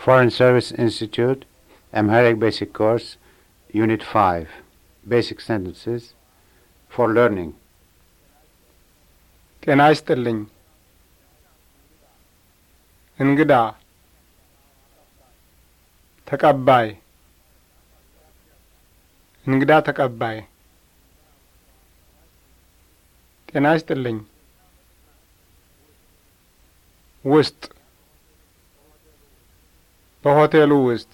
Foreign Service Institute, Amharic Basic Course, Unit 5, Basic Sentences for Learning. Can I still link? Ingida. Takabai. Ingida takabai. Can I West. በሆቴሉ ውስጥ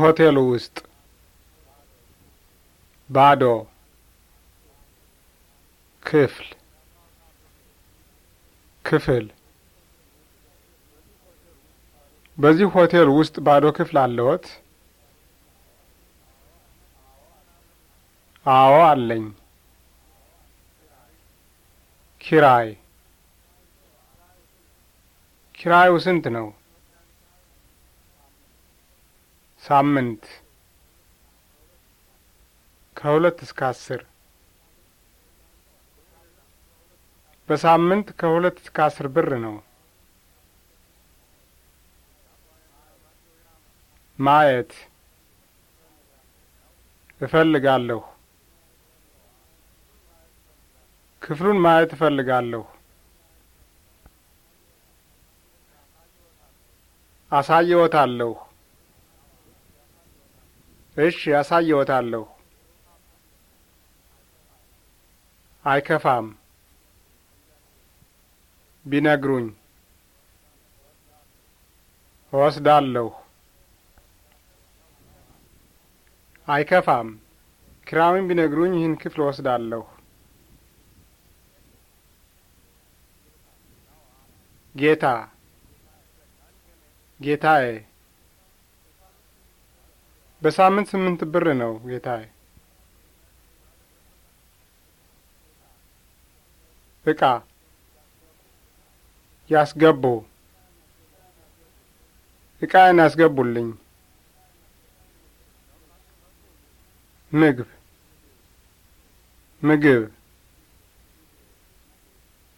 ሆቴሉ ውስጥ ባዶ ክፍል ክፍል በዚህ ሆቴል ውስጥ ባዶ ክፍል አለዎት? አዎ አለኝ። ኪራይ ኪራዩ ስንት ነው? ሳምንት ከሁለት እስከ አስር በሳምንት ከሁለት እስከ አስር ብር ነው። ማየት እፈልጋለሁ። ክፍሉን ማየት እፈልጋለሁ። አሳየዎታለሁ። እሺ፣ አሳየዎታለሁ። አይከፋም ቢነግሩኝ እወስዳለሁ። አይከፋም ኪራዩን ቢነግሩኝ ይህን ክፍል እወስዳለሁ። ጌታ ጌታዬ በሳምንት ስምንት ብር ነው ጌታዬ። እቃ ያስገቡ እቃን ያስገቡልኝ። ምግብ ምግብ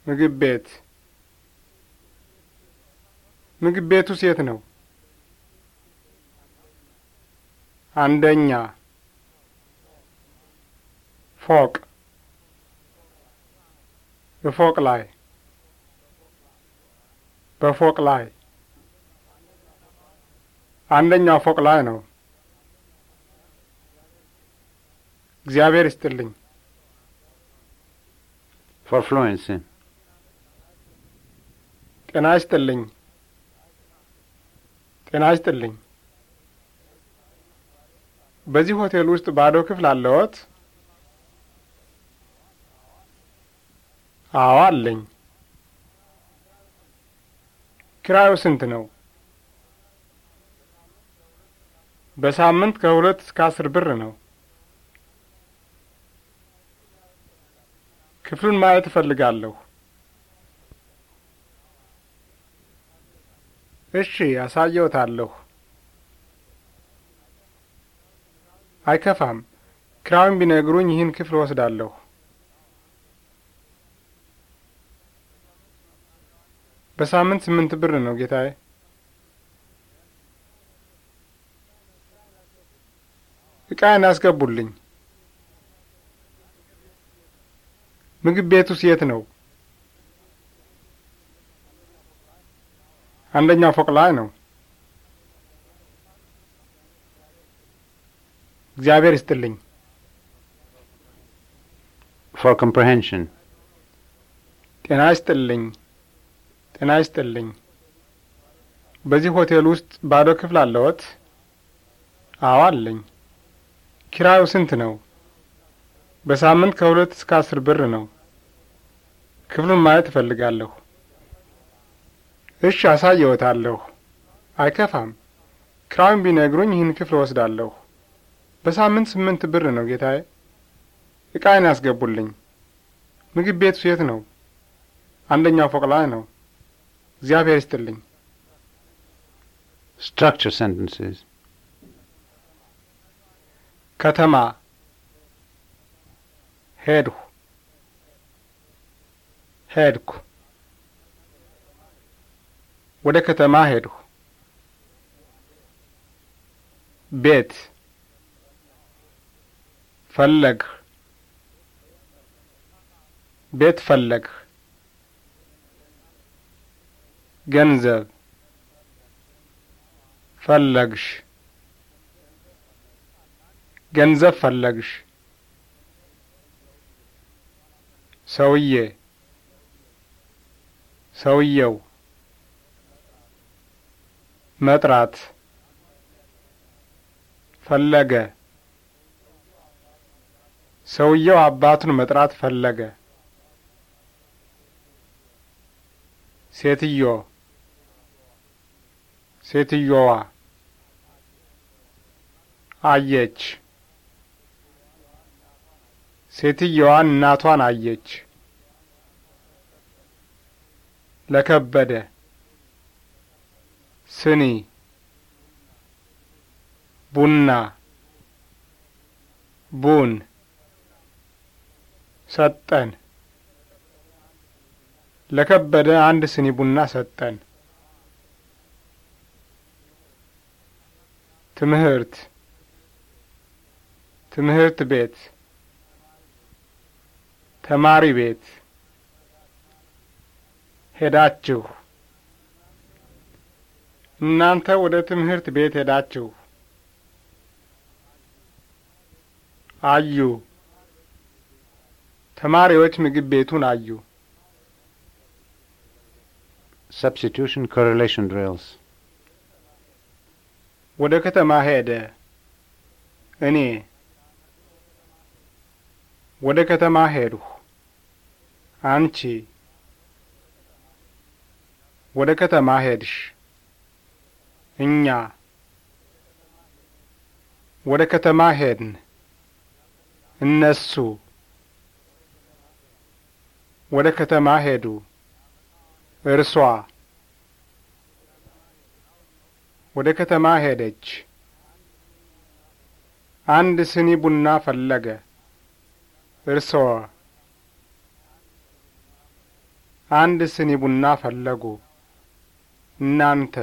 ምግብ ቤት ምግብ ቤቱ ሴት ነው? አንደኛ ፎቅ በፎቅ ላይ በፎቅ ላይ አንደኛው ፎቅ ላይ ነው። እግዚአብሔር ይስጥልኝ። ፎር ፍሎንስ ጤና ይስጥልኝ። ጤና ይስጥልኝ። በዚህ ሆቴል ውስጥ ባዶ ክፍል አለዎት? አዎ አለኝ። ኪራዩ ስንት ነው? በሳምንት ከሁለት እስከ አስር ብር ነው። ክፍሉን ማየት እፈልጋለሁ። እሺ አሳየውታለሁ። አይከፋም። ክራውን ቢነግሩኝ ይህን ክፍል ወስዳለሁ። በሳምንት ስምንት ብር ነው ጌታዬ። ዕቃዬን አስገቡልኝ። ምግብ ቤቱስ የት ነው? አንደኛው ፎቅ ላይ ነው። እግዚአብሔር ይስጥልኝ። ፎር comprehension ጤና ይስጥልኝ። ጤና ይስጥልኝ። በዚህ ሆቴል ውስጥ ባዶ ክፍል አለዎት? አዎ አለኝ። ኪራዩ ስንት ነው? በሳምንት ከሁለት እስከ አስር ብር ነው። ክፍሉን ማየት እፈልጋለሁ። እሺ አሳየውታለሁ። አይከፋም። ክራውን ቢነግሩኝ ይህን ክፍል ወስዳለሁ። በሳምንት ስምንት ብር ነው ጌታዬ። ዕቃዬን ያስገቡልኝ። ምግብ ቤቱ የት ነው? አንደኛው ፎቅ ላይ ነው። እግዚአብሔር ይስጥልኝ። ስትራክቸር sentences ከተማ ሄድሁ ሄድኩ ወደ ከተማ ሄድሁ። ቤት ፈለግህ፣ ቤት ፈለግህ። ገንዘብ ፈለግሽ፣ ገንዘብ ፈለግሽ። ሰውዬ ሰውየው መጥራት ፈለገ። ሰውየው አባቱን መጥራት ፈለገ። ሴትዮ ሴትዮዋ አየች። ሴትየዋ እናቷን አየች። ለከበደ ስኒ ቡና ቡን ሰጠን ለከበደ አንድ ስኒ ቡና ሰጠን። ትምህርት ትምህርት ቤት ተማሪ ቤት ሄዳችሁ እናንተ ወደ ትምህርት ቤት ሄዳችሁ አዩ። ተማሪዎች ምግብ ቤቱን አዩ። Substitution correlation drills. ወደ ከተማ ሄደ። እኔ ወደ ከተማ ሄድሁ። አንቺ ወደ ከተማ ሄድሽ። እኛ ወደ ከተማ ሄድን። እነሱ ወደ ከተማ ሄዱ። እርሷ ወደ ከተማ ሄደች። አንድ ስኒ ቡና ፈለገ። እርሶ አንድ ስኒ ቡና ፈለጉ። እናንተ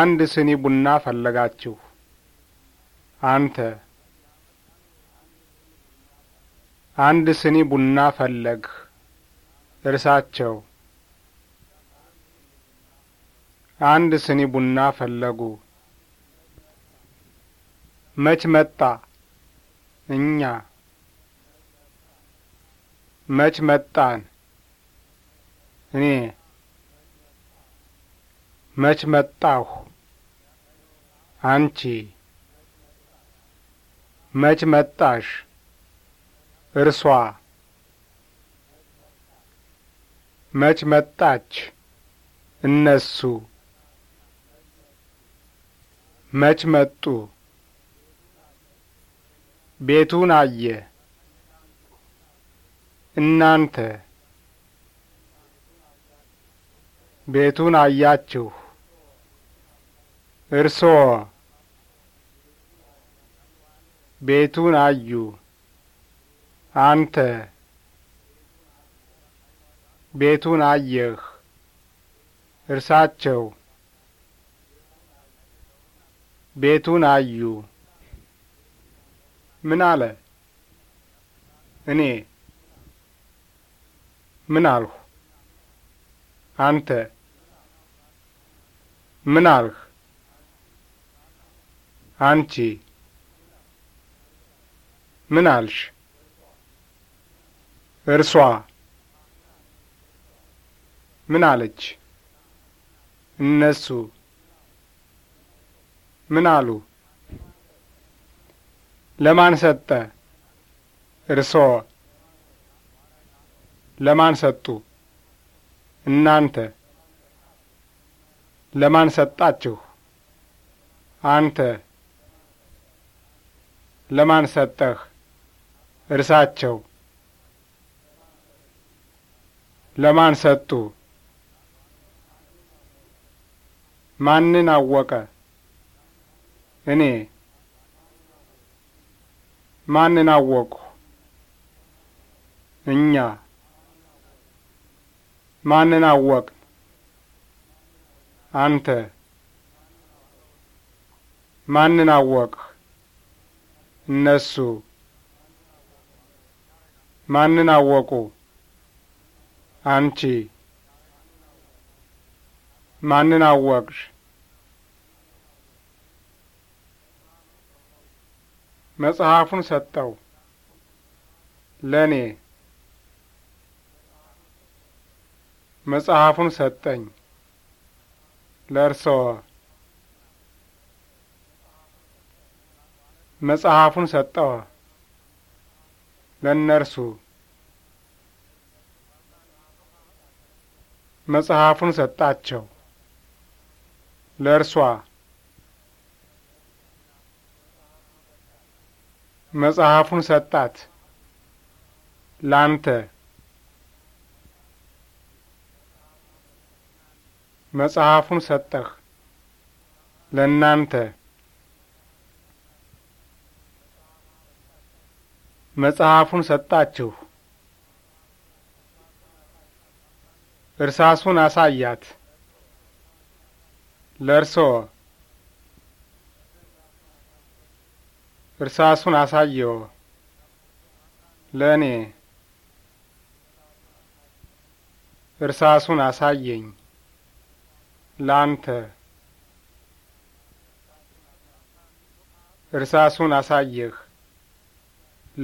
አንድ ስኒ ቡና ፈለጋችሁ። አንተ አንድ ስኒ ቡና ፈለግህ። እርሳቸው አንድ ስኒ ቡና ፈለጉ። መች መጣ? እኛ መች መጣን? እኔ መች መጣሁ አንቺ መች መጣሽ እርሷ መች መጣች እነሱ መች መጡ ቤቱን አየ እናንተ ቤቱን አያችሁ እርሶ ቤቱን አዩ። አንተ ቤቱን አየህ። እርሳቸው ቤቱን አዩ። ምን አለ? እኔ ምን አልሁ? አንተ ምን አልህ? አንቺ ምን አልሽ? እርሷ ምን አለች? እነሱ ምን አሉ? ለማን ሰጠ? እርስዎ ለማን ሰጡ? እናንተ ለማን ሰጣችሁ? አንተ ለማን ሰጠህ? እርሳቸው ለማን ሰጡ? ማንን አወቀ? እኔ ማንን አወቁ? እኛ ማንን አወቅ? አንተ ማንን አወቅህ? እነሱ ማንን አወቁ? አንቺ ማንን አወቅሽ? መጽሐፉን ሰጠው። ለእኔ መጽሐፉን ሰጠኝ። ለእርስዎ መጽሐፉን ሰጠው ለእነርሱ መጽሐፉን ሰጣቸው ለእርሷ መጽሐፉን ሰጣት ላንተ መጽሐፉን ሰጠህ ለእናንተ መጽሐፉን ሰጣችሁ። እርሳሱን አሳያት። ለእርሶ እርሳሱን አሳየው። ለእኔ እርሳሱን አሳየኝ። ለአንተ እርሳሱን አሳየህ።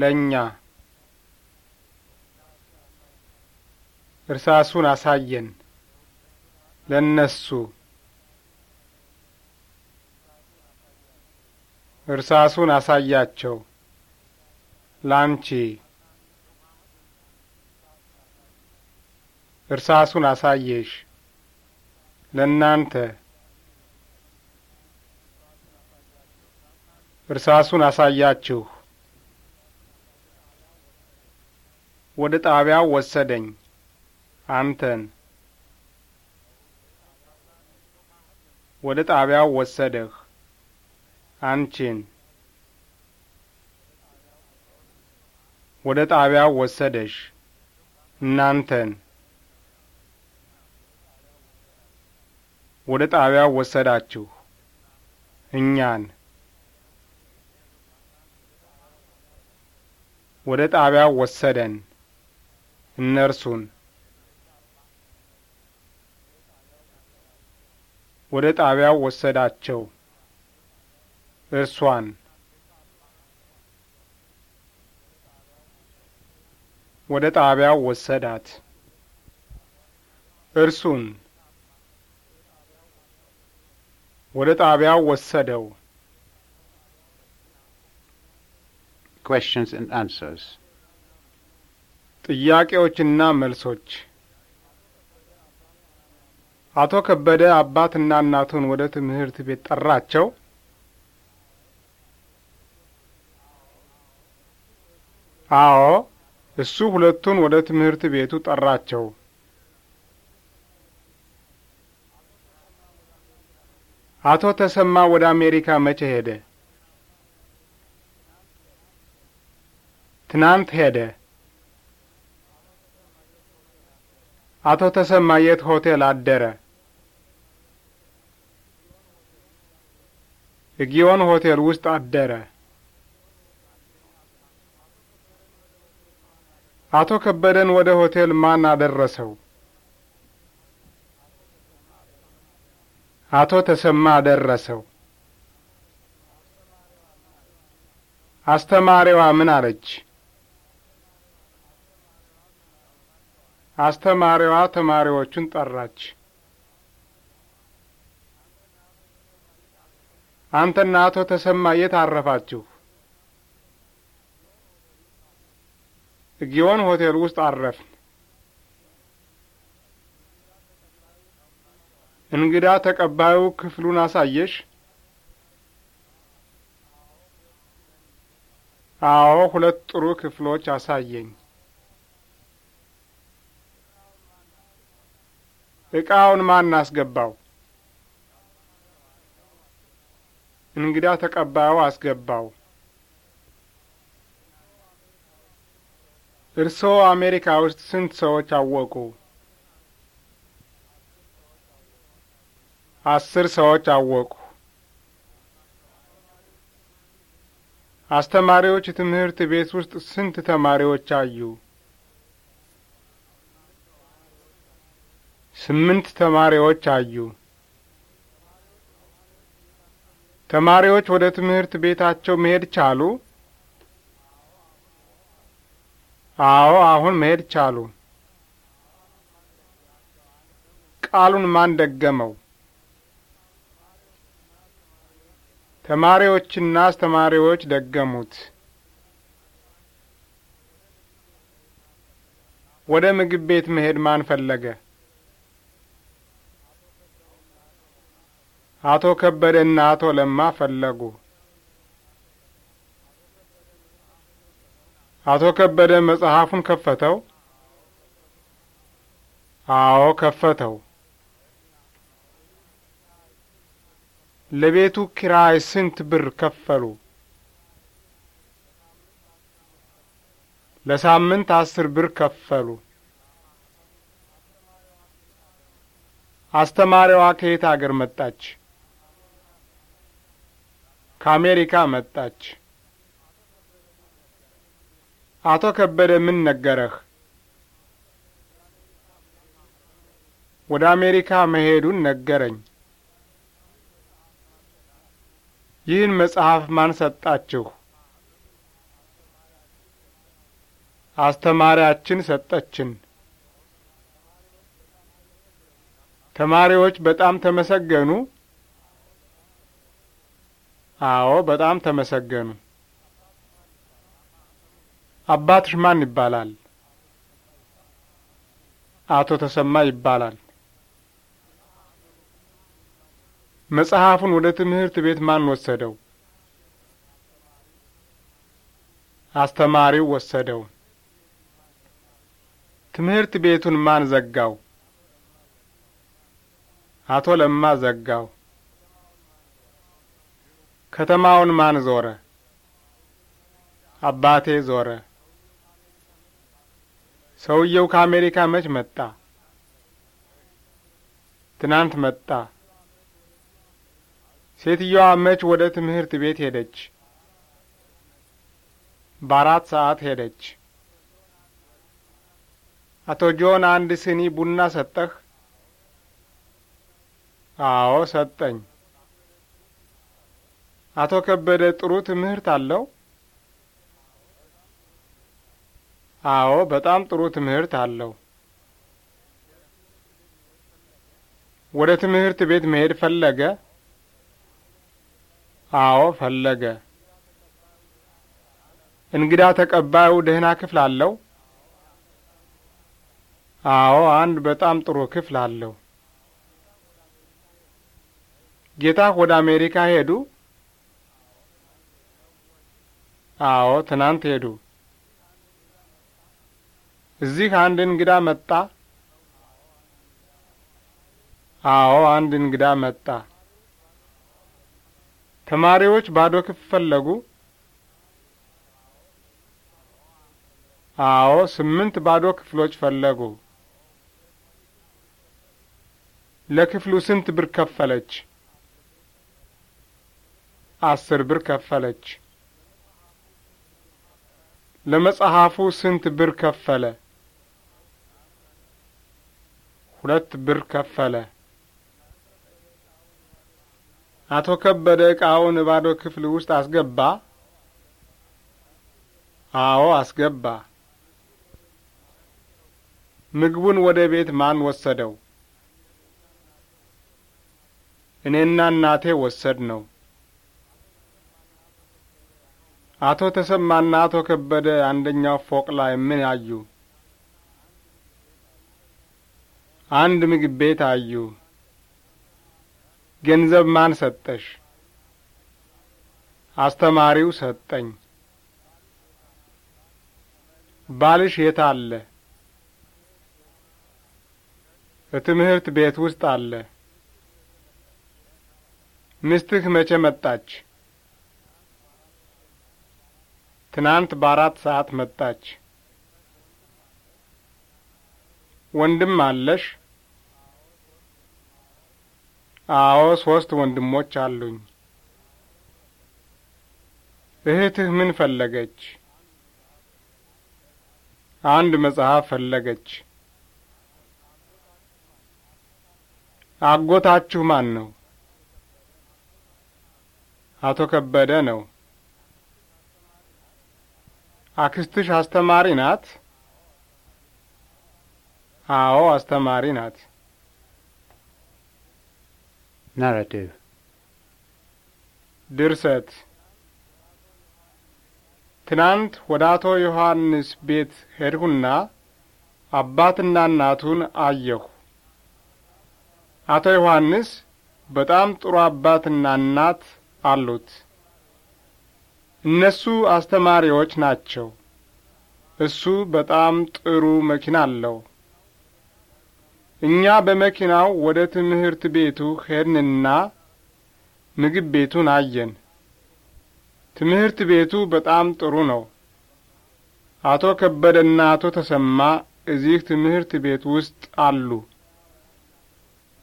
ለእኛ እርሳሱን አሳየን ለነሱ እርሳሱን አሳያቸው ላንቺ እርሳሱን አሳየሽ ለእናንተ እርሳሱን አሳያችሁ ወደ ጣቢያው ወሰደኝ። አንተን ወደ ጣቢያው ወሰደህ። አንቺን ወደ ጣቢያው ወሰደሽ። እናንተን ወደ ጣቢያው ወሰዳችሁ። እኛን ወደ ጣቢያው ወሰደን። እነርሱን ወደ ጣቢያው ወሰዳቸው። እርሷን ወደ ጣቢያው ወሰዳት። እርሱን ወደ ጣቢያው ወሰደው። Questions and answers. ጥያቄዎችና መልሶች አቶ ከበደ አባትና እናቱን ወደ ትምህርት ቤት ጠራቸው? አዎ፣ እሱ ሁለቱን ወደ ትምህርት ቤቱ ጠራቸው። አቶ ተሰማ ወደ አሜሪካ መቼ ሄደ? ትናንት ሄደ። አቶ ተሰማ የት ሆቴል አደረ? ጊዮን ሆቴል ውስጥ አደረ። አቶ ከበደን ወደ ሆቴል ማን አደረሰው? አቶ ተሰማ አደረሰው። አስተማሪዋ ምን አለች? አስተማሪዋ ተማሪዎቹን ጠራች። አንተና አቶ ተሰማ የት አረፋችሁ? ጊዮን ሆቴል ውስጥ አረፍን። እንግዳ ተቀባዩ ክፍሉን አሳየሽ? አዎ፣ ሁለት ጥሩ ክፍሎች አሳየኝ። እቃውን ማን አስገባው? እንግዳ ተቀባዩ አስገባው። እርስዎ አሜሪካ ውስጥ ስንት ሰዎች አወቁ? አስር ሰዎች አወቁ። አስተማሪዎች ትምህርት ቤት ውስጥ ስንት ተማሪዎች አዩ? ስምንት ተማሪዎች አዩ። ተማሪዎች ወደ ትምህርት ቤታቸው መሄድ ቻሉ? አዎ፣ አሁን መሄድ ቻሉ። ቃሉን ማን ደገመው? ተማሪዎችና አስተማሪዎች ደገሙት። ወደ ምግብ ቤት መሄድ ማን ፈለገ? አቶ ከበደና አቶ ለማ ፈለጉ። አቶ ከበደ መጽሐፉን ከፈተው? አዎ ከፈተው። ለቤቱ ኪራይ ስንት ብር ከፈሉ? ለሳምንት አስር ብር ከፈሉ። አስተማሪዋ ከየት አገር መጣች? ከአሜሪካ መጣች። አቶ ከበደ ምን ነገረህ? ወደ አሜሪካ መሄዱን ነገረኝ። ይህን መጽሐፍ ማን ሰጣችሁ? አስተማሪያችን ሰጠችን። ተማሪዎች በጣም ተመሰገኑ። አዎ በጣም ተመሰገኑ። አባትሽ ማን ይባላል? አቶ ተሰማ ይባላል። መጽሐፉን ወደ ትምህርት ቤት ማን ወሰደው? አስተማሪው ወሰደው። ትምህርት ቤቱን ማን ዘጋው? አቶ ለማ ዘጋው። ከተማውን ማን ዞረ? አባቴ ዞረ። ሰውየው ከአሜሪካ መች መጣ? ትናንት መጣ። ሴትየዋ መች ወደ ትምህርት ቤት ሄደች? በአራት ሰዓት ሄደች። አቶ ጆን አንድ ስኒ ቡና ሰጠህ? አዎ ሰጠኝ። አቶ ከበደ ጥሩ ትምህርት አለው? አዎ፣ በጣም ጥሩ ትምህርት አለው። ወደ ትምህርት ቤት መሄድ ፈለገ? አዎ፣ ፈለገ። እንግዳ ተቀባዩ ደህና ክፍል አለው? አዎ፣ አንድ በጣም ጥሩ ክፍል አለው። ጌታ ወደ አሜሪካ ሄዱ? አዎ ትናንት ሄዱ። እዚህ አንድ እንግዳ መጣ። አዎ አንድ እንግዳ መጣ። ተማሪዎች ባዶ ክፍል ፈለጉ። አዎ ስምንት ባዶ ክፍሎች ፈለጉ። ለክፍሉ ስንት ብር ከፈለች? አስር ብር ከፈለች። ለመጽሐፉ ስንት ብር ከፈለ? ሁለት ብር ከፈለ። አቶ ከበደ ዕቃውን ባዶ ክፍል ውስጥ አስገባ? አዎ አስገባ። ምግቡን ወደ ቤት ማን ወሰደው? እኔና እናቴ ወሰድ ነው። አቶ ተሰማና አቶ ከበደ አንደኛው ፎቅ ላይ ምን አዩ? አንድ ምግብ ቤት አዩ። ገንዘብ ማን ሰጠሽ? አስተማሪው ሰጠኝ። ባልሽ የት አለ? ትምህርት ቤት ውስጥ አለ። ምስትህ መቼ መጣች? ትናንት በአራት ሰዓት መጣች። ወንድም አለሽ? አዎ፣ ሶስት ወንድሞች አሉኝ። እህትህ ምን ፈለገች? አንድ መጽሐፍ ፈለገች። አጎታችሁ ማን ነው? አቶ ከበደ ነው። አክስትሽ አስተማሪ ናት? አዎ አስተማሪ ናት። ናራቲቭ ድርሰት ትናንት ወደ አቶ ዮሐንስ ቤት ሄድሁና አባትና እናቱን አየሁ። አቶ ዮሐንስ በጣም ጥሩ አባትና እናት አሉት። እነሱ አስተማሪዎች ናቸው። እሱ በጣም ጥሩ መኪና አለው። እኛ በመኪናው ወደ ትምህርት ቤቱ ሄድንና ምግብ ቤቱን አየን። ትምህርት ቤቱ በጣም ጥሩ ነው። አቶ ከበደና አቶ ተሰማ እዚህ ትምህርት ቤት ውስጥ አሉ።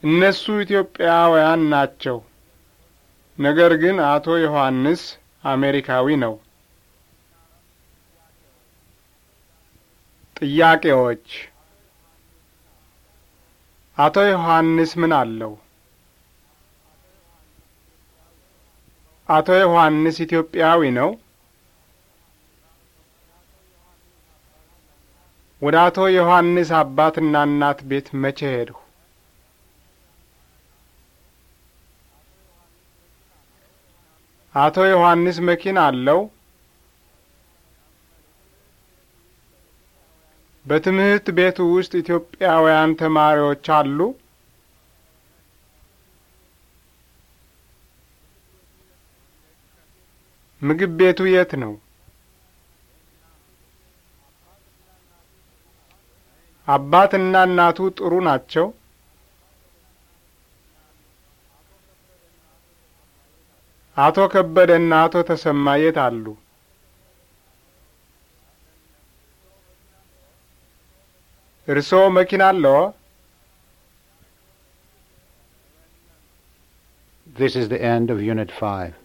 እነሱ ኢትዮጵያውያን ናቸው። ነገር ግን አቶ ዮሐንስ አሜሪካዊ ነው። ጥያቄዎች አቶ ዮሐንስ ምን አለው? አቶ ዮሐንስ ኢትዮጵያዊ ነው? ወደ አቶ ዮሐንስ አባትና እናት ቤት መቼ ሄድሁ? አቶ ዮሐንስ መኪና አለው? በትምህርት ቤቱ ውስጥ ኢትዮጵያውያን ተማሪዎች አሉ? ምግብ ቤቱ የት ነው? አባትና እናቱ ጥሩ ናቸው? አቶ ከበደና አቶ ተሰማ የት አሉ? እርስዎ መኪና አለዎ? This is the end of Unit 5.